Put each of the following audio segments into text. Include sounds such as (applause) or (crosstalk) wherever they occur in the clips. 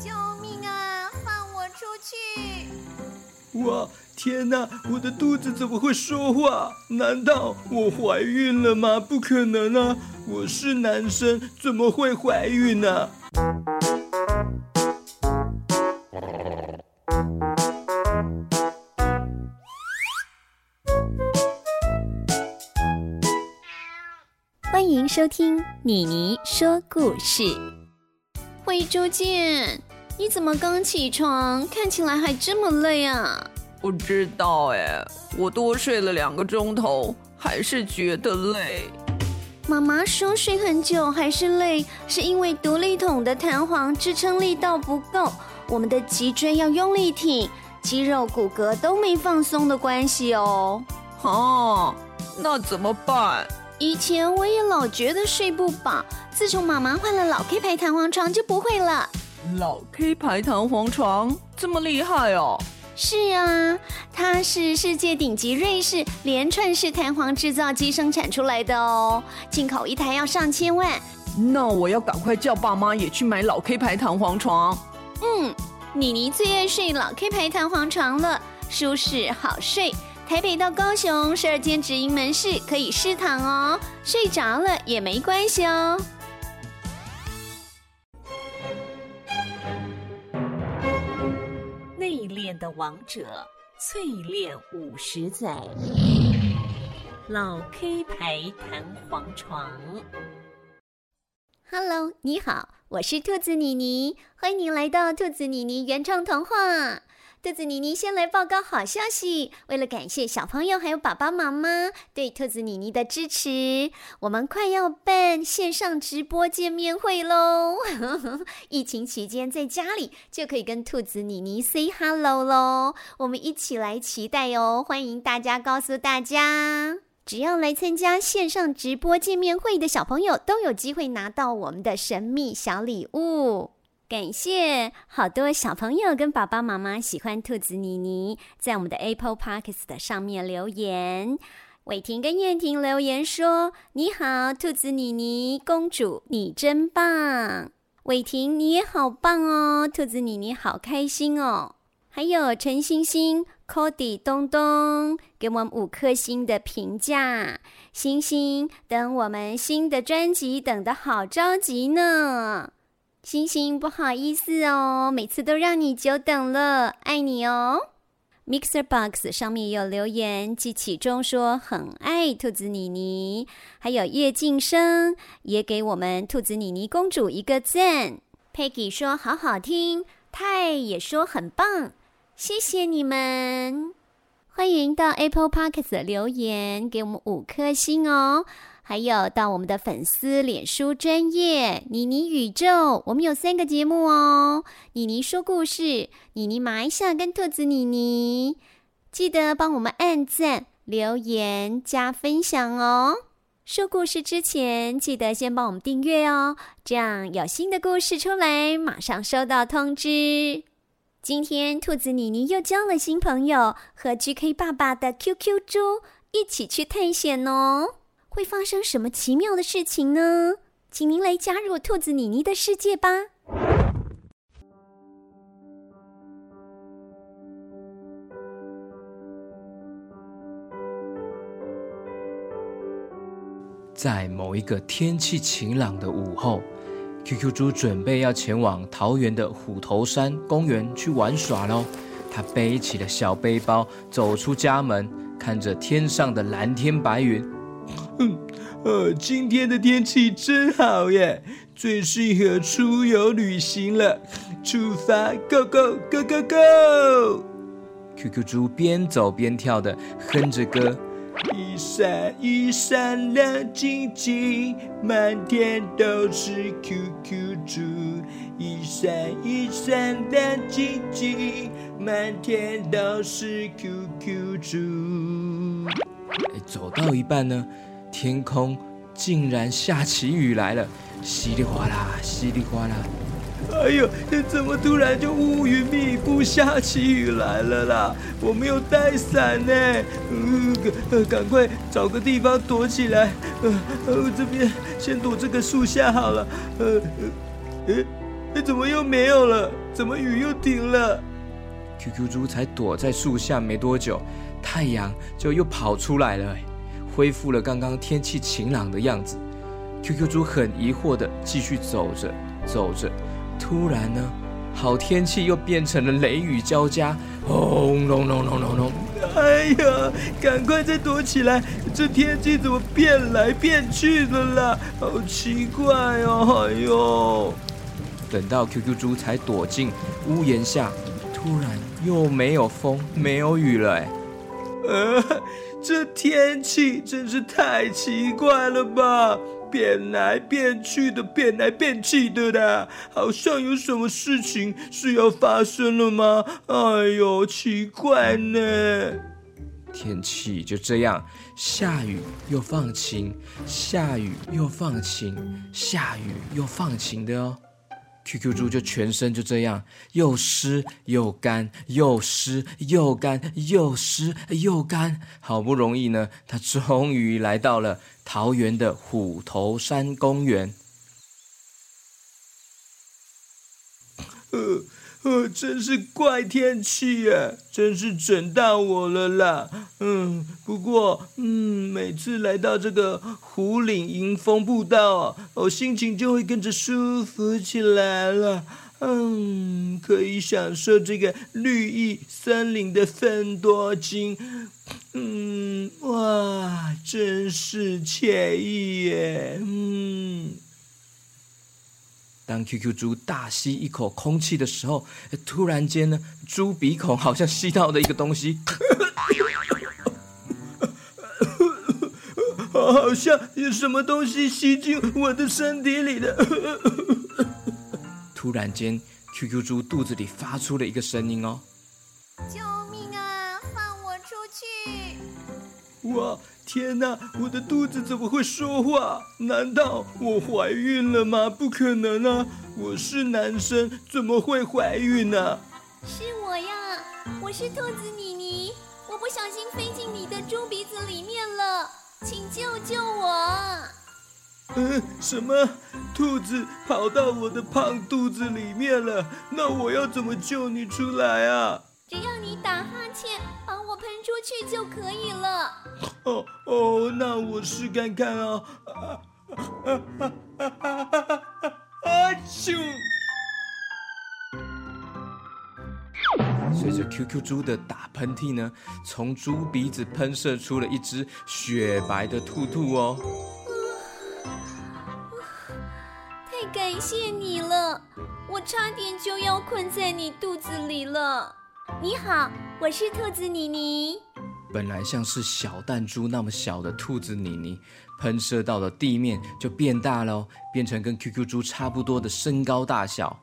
救命啊！放我出去！哇，天哪！我的肚子怎麼會說話？難道我懷孕了嗎？不可能啊！我是男生，怎麼會懷孕呢、啊？歡迎收聽妮妮說故事，灰豬見。你怎麼剛起床，看起來還這麼累啊？不知道哎，我多睡了兩個鐘頭，還是覺得累。媽媽說睡很久還是累，是因為獨立筒的彈簧支撐力道不夠，我們的脊椎要用力挺，肌肉骨骼都沒放鬆的關係哦。哦、啊，那怎麼辦？以前我也老覺得睡不飽，自從媽媽換了老 K 牌彈簧床就不會了。老 K 牌彈簧床這麼厲害哦！是啊，它是世界頂級瑞士連串式彈簧製造機生產出來的哦，進口一台要上千萬。那我要趕快叫爸媽也去買老 K 牌彈簧床。嗯，妮妮最愛睡老 K 牌彈簧床了，舒適好睡。台北到高雄十二間直營門市可以試躺哦，睡着了也沒關係哦。內練的王者，淬煉五十載。老 K 牌彈簧床。Hello，你好，我是兔子妮妮，歡迎你來到兔子妮妮原創童話。兔子妮妮先來報告好消息。為了感謝小朋友還有爸爸媽媽對兔子妮妮的支持，我們快要辦線上直播見面會嘍！ (laughs) 疫情期間在家裡就可以跟兔子妮妮 say hello 咯，我們一起來期待哦！歡迎大家告訴大家，只要來參加線上直播見面會的小朋友都有機會拿到我們的神秘小禮物。感謝好多小朋友跟爸爸媽媽喜歡兔子妮妮，在我們的 Apple Podcast 的上面留言。偉婷跟燕婷留言說：“你好，兔子妮妮公主，你真棒！偉婷你也好棒哦，兔子妮妮好開心哦。”還有陳星星、Cody、東東給我們五顆星的評價。星星等我們新的專輯等得好着急呢。星星，不好意思哦，每次都讓你久等了，愛你哦。Mixer Box 上面有留言，季啟忠說很愛兔子妮妮，還有葉靜生也給我們兔子妮妮公主一個讚。Peggy 說好好聽，太也說很棒，謝謝你們！歡迎到 Apple Podcast 留言，給我們五顆星哦。還有到我們的粉絲臉書專頁妮妮宇宙，我們有三個節目哦。妮妮說故事、妮妮麻一下跟兔子妮妮，記得幫我們按讚、留言、加分享哦。說故事之前記得先幫我們訂閱哦，這樣有新的故事出來馬上收到通知。今天兔子妮妮又交了新朋友，和 GK 爸爸的 QQ 豬一起去探險哦。會發生什麼奇妙的事情呢？請您來加入兔子妮妮的世界吧。在某一個天氣晴朗的午後，QQ 豬準備要前往桃園的虎頭山公園去玩耍嘍。他背起了小背包，走出家門，看着天上的藍天白雲。哦，今天的天氣真好耶，最適合出遊旅行了。出發，go go go go go！QQ 豬邊走邊跳的，哼着歌。一閃一閃亮晶晶，滿天都是 QQ 豬。一閃一閃亮晶晶，滿天都是 QQ 豬。哎、欸，走到一半呢。天空竟然下起雨來了，稀里嘩啦，稀里嘩啦。哎呦，怎麼突然就烏雲密布，下起雨來了啦？我沒有帶傘呢，呃呃，趕快找個地方躲起來呃。呃，這邊先躲這個樹下好了。呃呃，怎麼又沒有了？怎麼雨又停了？QQ 豬才躲在樹下沒多久，太陽就又跑出來了。恢復了剛剛天氣晴朗的樣子，QQ 豬很疑惑的繼續走着走着，突然呢，好天氣又變成了雷雨交加，轟隆隆隆隆隆，哎呀，趕快再躲起來！這天氣怎麼變來變去的啦？好奇怪哦！哎呦，等到 QQ 豬才躲進屋檐下，突然又沒有風，沒有雨了，哎，呃。這天氣真是太奇怪了吧，變來變去的，變來變去的啦，好像有什麼事情是要發生了嗎？哎呦，奇怪呢！天氣就這樣，下雨又放晴，下雨又放晴，下雨又放晴的哦。Q Q 豬就全身就這樣又濕又乾又濕又乾又濕又乾，好不容易呢，它終於來到了桃園的虎頭山公園。呃呃、哦，真是怪天氣耶，啊，真是整到我了啦。嗯，不過，嗯，每次來到這個湖嶺迎風步道，啊，哦，我心情就會跟着舒服起來了。嗯，可以享受這個綠意森林的芬多精。嗯，哇，真是愜意耶。當 QQ 豬大吸一口空氣的時候，突然間呢，豬鼻孔好像吸到了一個東西， (coughs) 好像有什麼東西吸進我的身體裡的。 (coughs) 突然間，QQ 豬肚子裡發出了一個聲音哦：“救命啊，放我出去！”我。天哪，我的肚子怎麼會說話？難道我懷孕了嗎？不可能啊，我是男生，怎麼會懷孕呢、啊？是我呀，我是兔子妮妮，我不小心飛進你的豬鼻子裡面了，請救救我！嗯，什麼？兔子跑到我的胖肚子裡面了？那我要怎麼救你出來啊？只要你打哈欠，把我噴出去就可以了。哦哦，那我試看看啊！啊啊啊阿秋，隨着 QQ 豬的打噴嚏呢，從豬鼻子噴射出了一隻雪白的兔兔哦、呃呃呃。太感謝你了，我差點就要困在你肚子裡了。你好，我是兔子妮妮。本來像是小彈珠那麼小的兔子妮妮，噴射到了地面就變大咯，變成跟 QQ 豬差不多的身高大小。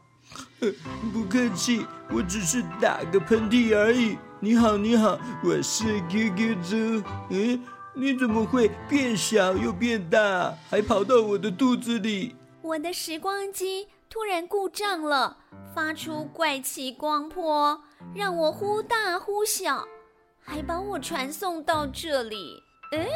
不客氣，我只是打個噴嚏而已。你好，你好，我是 QQ 豬。嗯、欸，你怎麼會變小又變大，還跑到我的肚子裡？我的時光機突然故障了，發出怪奇光波，讓我忽大忽小。還把我傳送到這裡，哎、欸，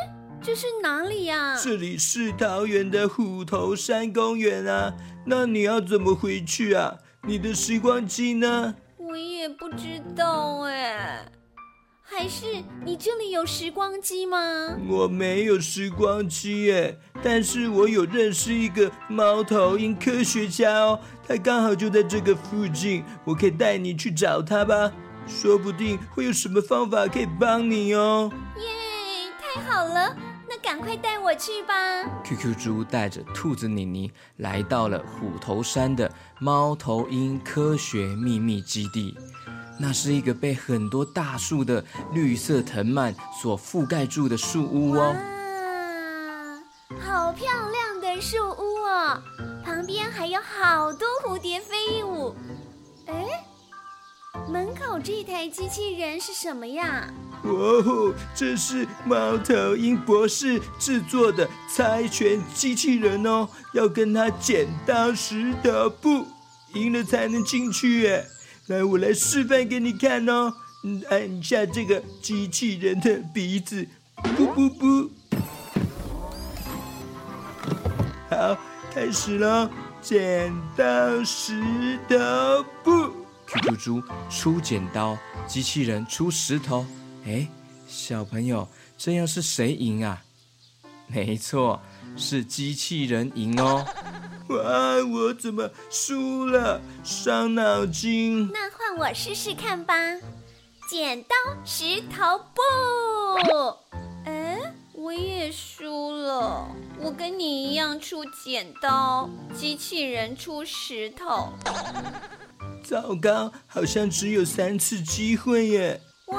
這是哪裡呀？啊？這裡是桃園的虎頭山公園啊。那你要怎麼回去啊？你的時光機呢？我也不知道哎。還是你這裡有時光機嗎？我沒有時光機哎，但是我有認識一個貓頭鷹科學家哦，他剛好就在這個附近，我可以帶你去找他吧。說不定會有什麼方法可以幫你哦！耶，yeah, 太好了，那趕快帶我去吧。QQ 豬帶着兔子妮妮來到了虎頭山的貓頭鷹科學秘密基地，那是一個被很多大樹的綠色藤蔓所覆蓋住的樹屋哦。哇，好漂亮的樹屋哦！旁邊還有好多蝴蝶飛舞。哎？門口這台機器人是什麼呀？哦，這是貓頭鷹博士製作的猜拳機器人哦，要跟他剪刀石頭布，贏了才能進去耶。來，我來示範給你看哦，嗯，按一下這個機器人的鼻子，不不不，好，開始嘍，剪刀石頭布。豬豬豬出剪刀，機器人出石頭。哎，小朋友，這樣是誰贏啊？沒錯，是機器人贏哦。哇，我怎麼輸了？傷腦筋。那換我試試看吧。剪刀石頭布。嗯，我也輸了。我跟你一樣出剪刀，機器人出石頭。糟糕，好像只有三次機會耶！哇，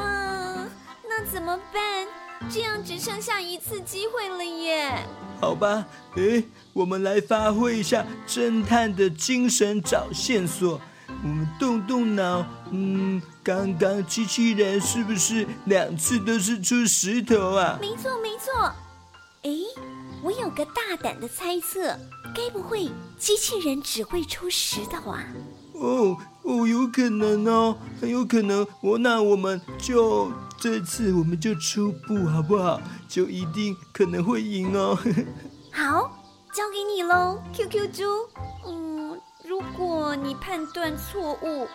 那怎麼辦？這樣只剩下一次機會了耶！好吧，誒，我們來發揮一下偵探的精神找線索。我們動動腦，嗯，剛剛機器人是不是兩次都是出石頭啊？沒錯，沒錯。誒，我有個大膽的猜測，該不會機器人只會出石頭啊？哦哦，有可能哦，很有可能。我、哦、那我們就這次我們就初步，好不好？就一定可能會贏哦。呵呵，好，交給你嘍，QQ 豬。嗯，如果你判斷錯誤，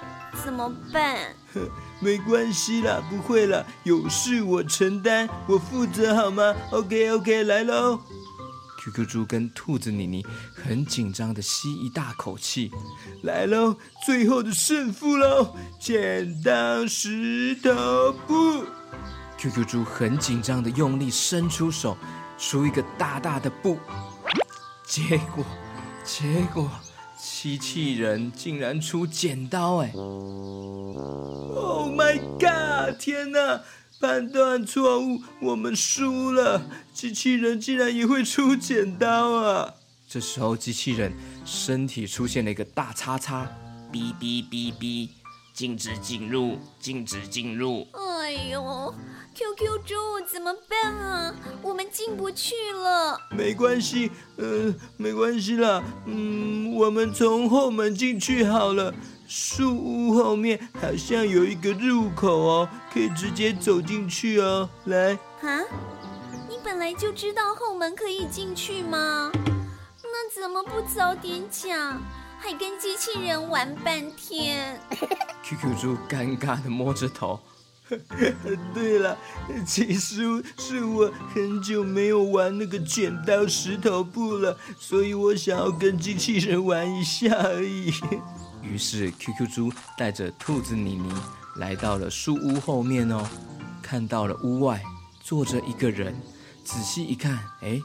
怎麼辦？沒關係啦，不會啦，有事我承擔，我負責，好嗎？OK OK，來嘍。QQ 豬跟兔子妮妮很緊張的吸一大口氣，來嘍，最後的勝負嘍！剪刀石頭布。QQ 豬很緊張的用力伸出手，出一個大大的布。結果，結果，機器人竟然出剪刀！哎，Oh my God！天哪！判斷錯誤，我們輸了。機器人竟然也會出剪刀啊！這時候，機器人身體出現了一個大叉叉，嗶嗶嗶嗶，禁止進入，禁止進入。哎呦，QQ 豬怎麼辦啊？我們進不去了。沒關係，嗯、呃，沒關係啦，嗯，我們從後門進去好了。樹屋後面好像有一個入口哦、喔，可以直接走進去哦、喔。來啊，你本來就知道後門可以進去嗎？那怎麼不早點講？還跟機器人玩半天？QQ 豬尷尬地摸着頭。對了，其實是我很久沒有玩那個剪刀石頭布了，所以我想要跟機器人玩一下而已。於是 QQ 豬帶着兔子妮妮來到了樹屋後面哦，看到了屋外坐着一個人，仔細一看，哎，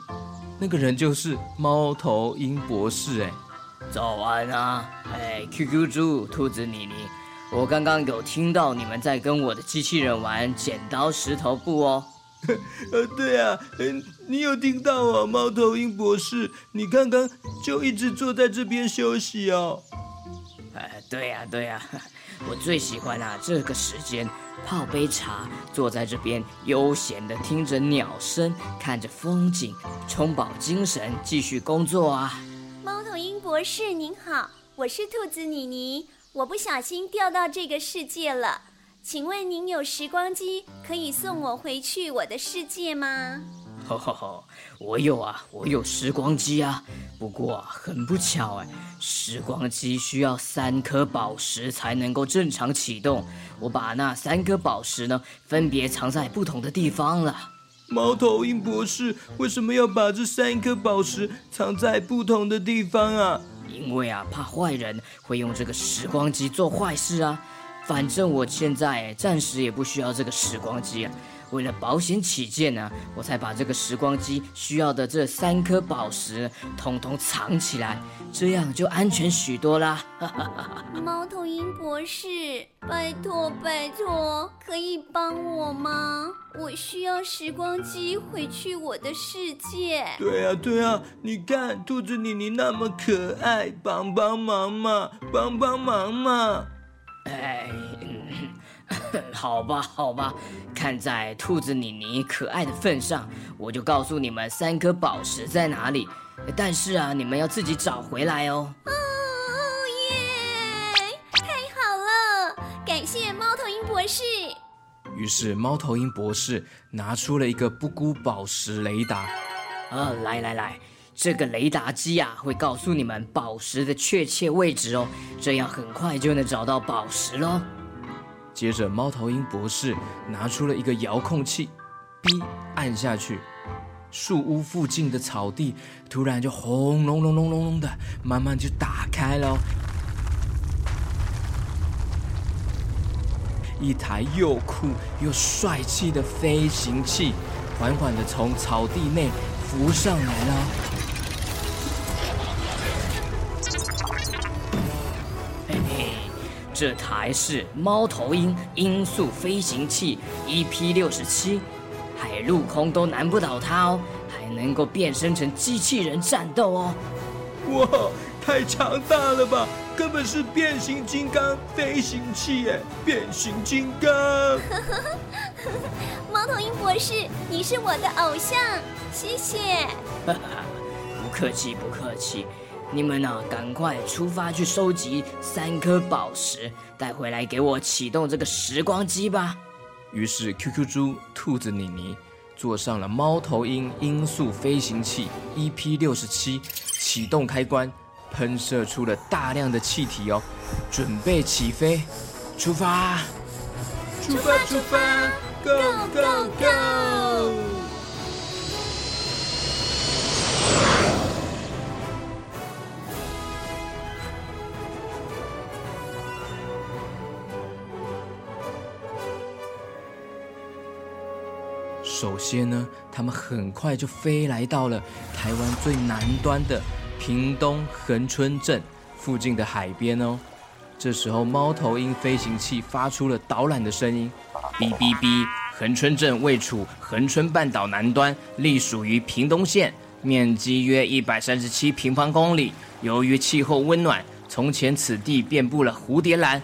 那個人就是貓頭鷹博士哎，早安啊，哎 QQ 豬，兔子妮妮，我剛剛有聽到你們在跟我的機器人玩剪刀石頭布哦，呃 (laughs) 對啊，你有聽到啊，哦，貓頭鷹博士，你剛剛就一直坐在這邊休息哦。對呀對呀，我最喜歡啊這個時間，泡杯茶，坐在這邊悠閒地聽着鳥聲，看着風景，充飽精神，繼續工作啊。貓頭鷹博士您好，我是兔子妮妮，我不小心掉到這個世界了，請問您有時光機可以送我回去我的世界嗎？好好好，oh, oh, oh. 我有啊，我有時光機啊，不過啊，很不巧誒啊，時光機需要三顆寶石才能夠正常啟動，我把那三顆寶石呢，分別藏在不同的地方了。貓頭鷹博士為什麼要把這三顆寶石藏在不同的地方啊？因為啊，怕壞人會用這個時光機做壞事啊。反正我現在暫時也不需要這個時光機啊。為了保險起見呢、啊，我才把這個時光機需要的這三顆寶石統統藏起來，這樣就安全許多啦。 (laughs) 貓頭鷹博士，拜托拜托，可以幫我嗎？我需要時光機回去我的世界。對呀、啊、對呀、啊，你看兔子妮妮那麼可愛，幫幫忙嘛，幫幫忙嘛。哎。 (laughs) 好吧，好吧，看在兔子妮妮可愛的份上，我就告訴你們三顆寶石在哪裡。但是啊，你們要自己找回來哦。哦耶！太好了，感謝貓頭鷹博士。於是貓頭鷹博士拿出了一個不孤寶石雷達。哦、啊，來來來，這個雷達機呀、啊，會告訴你們寶石的確切位置哦，這樣很快就能找到寶石嘍。接着，貓頭鷹博士拿出了一個遙控器，逼按下去，樹屋附近的草地突然就轟隆隆隆隆隆的，慢慢就打開了。一台又酷又帥氣的飛行器，緩緩的從草地內浮上來了。這台是貓頭鷹音,音速飛行器 EP 六十七，海陸空都難不倒它哦，還能夠變身成機器人戰鬥哦。哇，太強大了吧！根本是變形金剛飛行器耶！變形金剛， (laughs) 貓頭鷹博士，你是我的偶像，謝謝。 (laughs) 不客氣，不客氣。你們呢、啊？趕快出發去收集三顆寶石，帶回來給我啟動這個時光機吧。於是，QQ 豬、兔子妮妮坐上了貓頭鷹音速飛行器 EP 六十七，啟動開關，噴射出了大量的氣體哦，準備起飛，出發，出發，出發，出發，出發，Go Go Go！go 首先呢，他們很快就飛來到了台灣最南端的屏東恆春鎮附近的海邊哦。這時候，貓頭鷹飛行器發出了導覽的聲音：“嗶嗶嗶！”恆春鎮位處恆春半島南端，隸屬於屏東縣，面積約一百三十七平方公里。由於氣候溫暖，從前此地遍佈了蝴蝶蘭。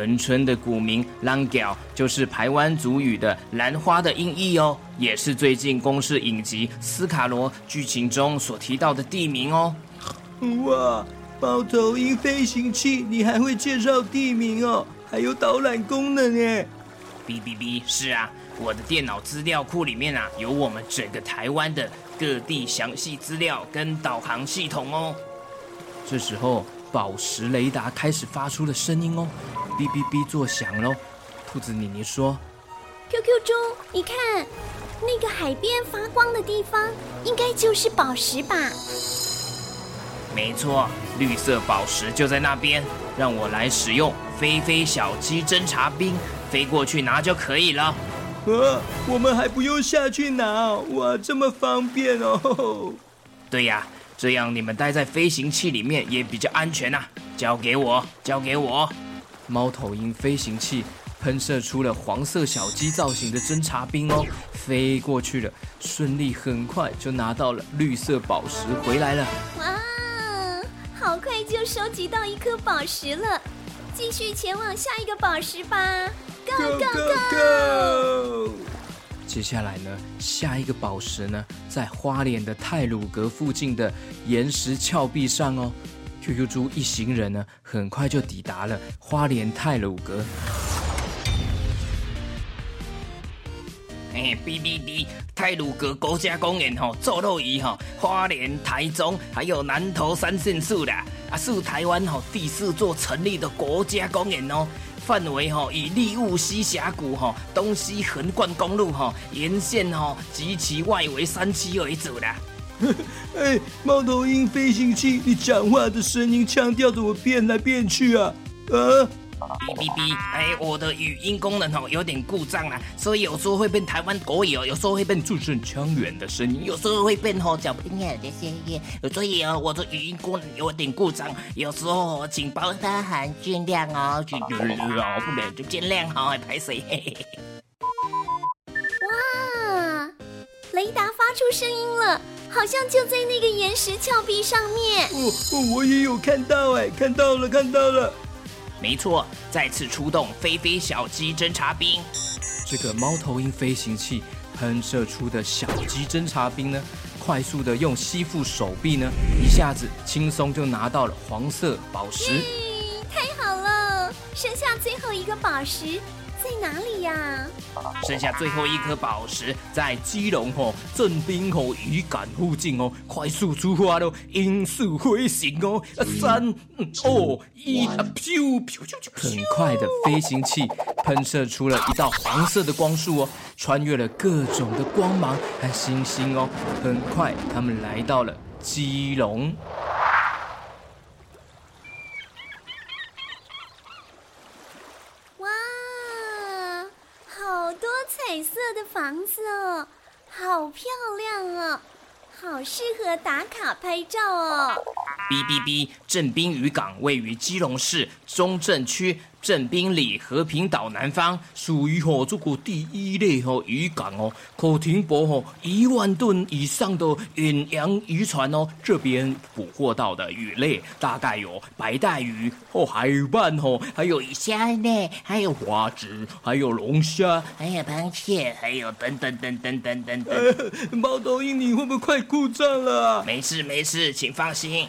恆春的古名“琅 𤩝” 就是排灣族語的“蘭花”的音譯哦，也是最近公視影集《斯卡羅》劇情中所提到的地名哦。哇，貓頭鷹飛行器，你還會介紹地名哦，還有導覽功能呢。嗶嗶嗶，是啊，我的電腦資料庫裡面啊，有我們整個台灣的各地詳細資料跟導航系統哦。這時候。寶石雷達開始發出了聲音哦，嗶嗶嗶作響嘍。兔子妮妮說：“QQ 豬，你看那個海邊發光的地方，應該就是寶石吧？”沒錯，綠色寶石就在那邊，讓我來使用飛飛小雞偵察兵飛過去拿就可以了。呃、啊，我們還不用下去拿，哇，這麼方便哦。對呀、啊。這樣你們待在飛行器裡面也比較安全吶、啊，交給我，交給我。貓頭鷹飛行器噴射出了黃色小雞造型的偵察兵哦，飛過去了，順利很快就拿到了綠色寶石，回來了。哇，好快就收集到一顆寶石了，繼續前往下一個寶石吧，Go Go Go！Go 接下來呢，下一個寶石呢，在花蓮的太魯閣附近的岩石峭壁上哦。QQ 豬一行人呢，很快就抵達了花蓮太魯閣。哎、欸，嗶嗶嗶！太魯閣國家公園吼、哦，坐落於吼花蓮、台中還有南投三縣市的啊，是台灣吼、哦、第四座成立的國家公園哦。範圍哈以立霧溪峽谷哈東西橫貫公路哈沿線哈及其外圍山區為主的。哎、 (laughs) 欸，貓頭鷹飛行器，你講話的聲音腔調怎麼變來變去啊？啊？嗶嗶嗶！哎，我的語音功能有點故障了，所以有時候會被台灣國語，有時候會被字正腔圓的聲音，有時候會被吼腳步的聲音，所以哦，我的語音功能有點故障，有時候見諒哦，見諒哦，不了就見諒好，拍誰？哇！雷達發出聲音了，好像就在那個岩石峭壁上面。哦哦，我也有看到耶，看到了，看到了。沒錯，再次出動飛飛小雞偵察兵。這個貓頭鷹飛行器噴射出的小雞偵察兵呢，快速的用吸附手臂呢，一下子輕鬆就拿到了黃色寶石。Yeah, 太好了，剩下最後一個寶石。在哪裡呀、啊？剩下最後一顆寶石在基隆哦，正濱漁港附近哦，快速出發嘍，音速飛行哦，三二一，很快的飛行器噴射出了一道黃色的光束哦，穿越了各種的光芒和星星哦，很快他們來到了基隆。房子哦，好漂亮哦，好適合打卡拍照哦。嗶嗶嗶，正濱漁港位於基隆市中正區。正濱里和平島南方屬於好這個第一類好漁港哦，可停泊好一萬噸以上的遠洋漁船哦。這邊捕獲到的魚類大概有白帶魚、哦海鰻哦，還有魚蝦呢，還有花枝，還有龍蝦，還有螃蟹，還有等等等等等等等。貓頭鷹，你會不會快故障了啊？沒事沒事，請放心。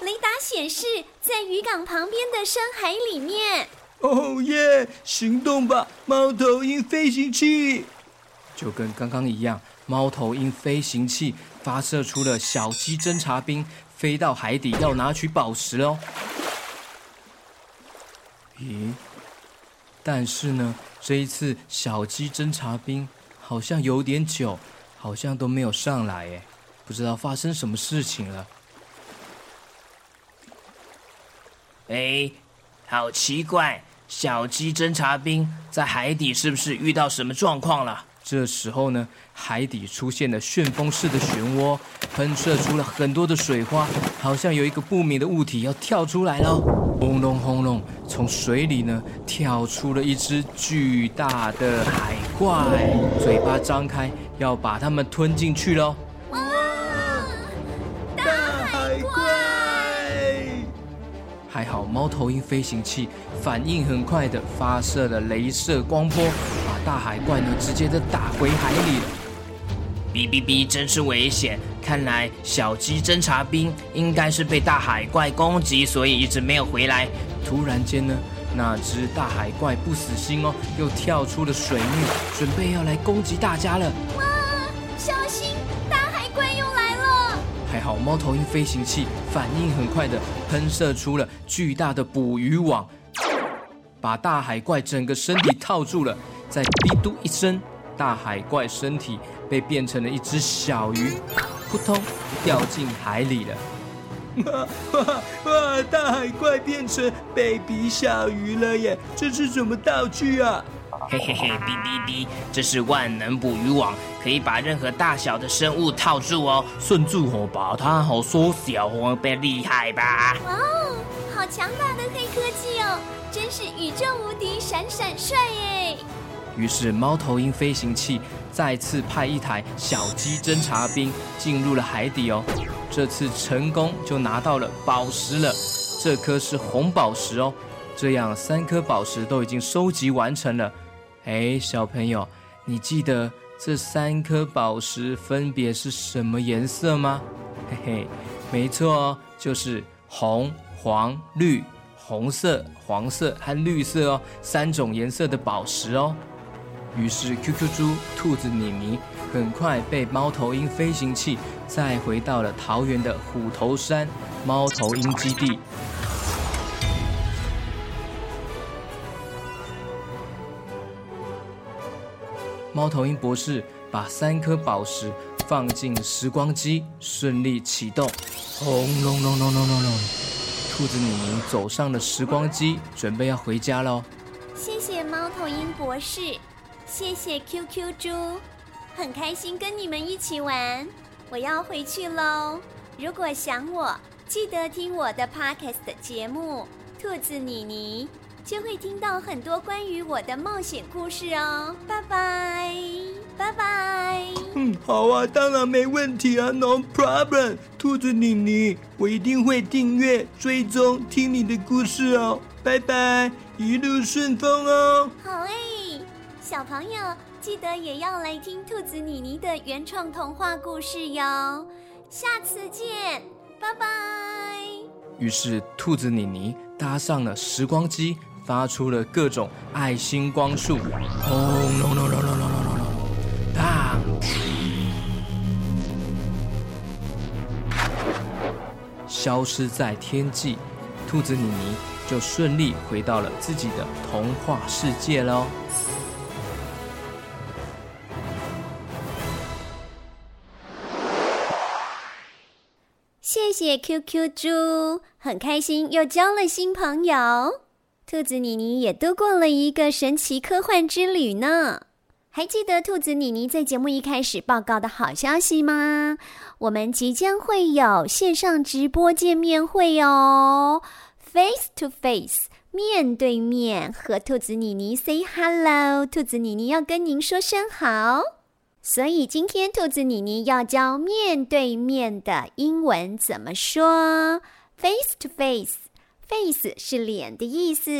雷達顯示，在漁港旁邊的深海裡面。哦耶！行動吧，貓頭鷹飛行器！就跟剛剛一樣，貓頭鷹飛行器發射出了小雞偵察兵，飛到海底要拿取寶石哦。咦？但是呢，這一次小雞偵察兵好像有點久，好像都沒有上來誒，不知道發生什麼事情了。哎，好奇怪！小雞偵察兵在海底是不是遇到什麼狀況了？這時候呢，海底出現了旋風式的漩渦，噴射出了很多的水花，好像有一個不明的物體要跳出來嘍！轟隆轟隆，從水裡呢，跳出了一隻巨大的海怪，嘴巴張開，要把它們吞進去嘍！還好，貓頭鷹飛行器反應很快的，發射了鐳射光波，把大海怪呢直接的打回海裡了。嗶嗶嗶，真是危險！看來小雞偵察兵應該是被大海怪攻擊，所以一直沒有回來。突然間呢，那只大海怪不死心哦，又跳出了水面，準備要來攻擊大家了。貓頭鷹飛行器反應很快的，噴射出了巨大的捕魚網，把大海怪整個身體套住了。再嘀嘟一聲，大海怪身體被變成了一隻小魚，撲通掉進海裡了。哇哇哇！大海怪變成 baby 小魚了耶！這是什麼道具啊？嘿嘿嘿，嗶嗶嗶，這是萬能捕魚網，可以把任何大小的生物套住哦。順住我把它好縮小，好厲害吧？哇哦，好強大的黑科技哦，真是宇宙無敵閃閃帥耶！於是貓頭鷹飛行器再次派一台小雞偵察兵進入了海底哦，這次成功就拿到了寶石了，這顆是紅寶石哦。這樣三顆寶石都已經收集完成了。哎，小朋友，你記得這三顆寶石分別是什麼顏色嗎？嘿嘿，沒錯哦，就是紅、黃、綠，紅色、黃色和綠色哦，三種顏色的寶石哦。於是，QQ 豬、兔子妮妮很快被貓頭鷹飛行器載回到了桃園的虎頭山貓頭鷹基地。貓頭鷹博士把三顆寶石放進時光機，順利啟動。轟隆隆隆隆隆！兔子妮妮走上了時光機，準備要回家嘍。謝謝貓頭鷹博士，謝謝 QQ 豬，很開心跟你們一起玩。我要回去嘍，如果想我，記得聽我的 Podcast 的節目。兔子妮妮。就會聽到很多關於我的冒險故事哦，拜拜拜拜。嗯，好啊，當然沒問題啊，No problem。兔子妮妮，我一定會訂閱、追蹤聽你的故事哦，拜拜，一路順風哦。好誒，小朋友記得也要來聽兔子妮妮的原創童話故事喲，下次見，拜拜。於是，兔子妮妮搭上了時光機。發出了各種愛心光束，轟隆隆隆隆隆隆，蕩，消失在天際。兔子妮妮就順利回到了自己的童話世界嘍。謝謝 QQ 豬，很開心又交了新朋友。兔子妮妮也度過了一個神奇科幻之旅呢。還記得兔子妮妮在節目一開始報告的好消息嗎？我們即將會有線上直播見面會哦。Face to face，面對面，和兔子妮妮 say hello，兔子妮妮要跟您說聲好。所以今天兔子妮妮要教面對面的英文怎麼說？Face to face。Face 是臉的意思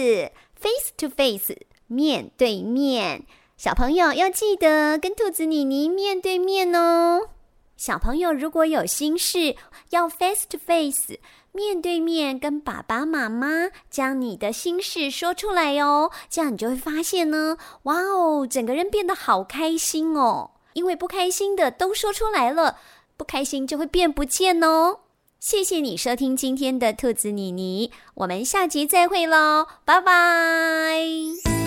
，face to face 面對面。小朋友要記得跟兔子妮妮面對面哦。小朋友如果有心事，要 face to face 面對面跟爸爸媽媽將你的心事說出來哦。這樣你就會發現呢，哇哦，整個人變得好開心哦，因為不開心的都說出來了，不開心就會變不見哦。謝謝你收聽今天的兔子妮妮，我們下集再會嘍，拜拜。